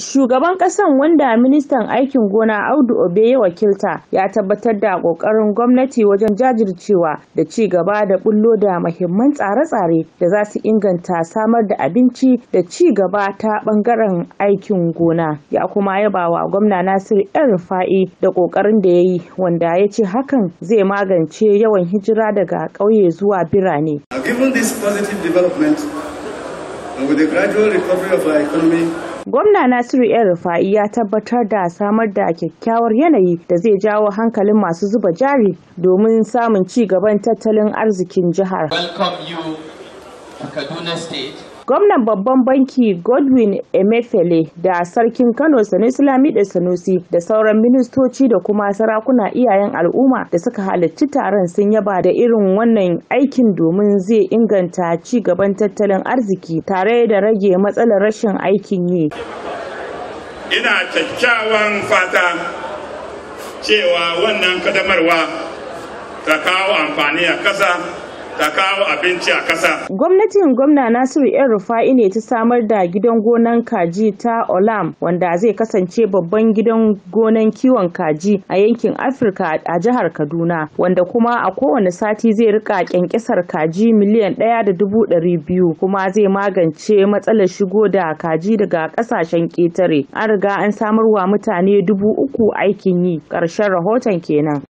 Shugaban ƙasan wanda ministan aikin gona Audu Obe ya wakilta ya tabbatar da ƙoƙarin gwamnati wajen jajircewa da ci gaba da bullo da mahimman tsare-tsare da za su inganta samar da abinci da ci gaba ta ɓangaren aikin gona. Ya kuma yaba wa gwamna Nasir 'yar fa'i da ƙoƙarin da ya yi wanda ya ce hakan zai magance yawan hijira daga ƙauye zuwa birane. and with the gradual recovery of our economy, Gwamna Nasiru El Rufa'i ya tabbatar da samar da kyakkyawar yanayi da zai jawo hankalin masu zuba jari domin samun ci gaban tattalin arzikin jihar. Welcome you to Kaduna State. Gwamnan Babban Banki Godwin Emefiele da Sarkin Kano Sanusi Lamido Sanusi da sauran ministoci da kuma sarakuna iyayen al'umma da suka halarci taron sun yaba da irin wannan aikin domin zai inganta ci gaban tattalin arziki tare da rage matsalar rashin aikin yi. Ina kyakkyawan fata cewa wannan kadamarwa ta kawo amfani a ƙasa ta kawo abinci a ƙasa. Gwamnatin gwamna Nasiru ‘yan rufa'i ne ta samar da gidan gonan kaji ta Olam wanda zai kasance babban gidan gonan kiwon kaji a yankin Afirka a jihar Kaduna wanda kuma a kowane sati zai rika kyankyasar kaji miliyan ɗaya da dubu ɗari biyu kuma zai magance matsalar shigo da kaji daga ƙasashen ƙetare. An riga an samarwa mutane dubu uku aikin yi ƙarshen rahoton kenan.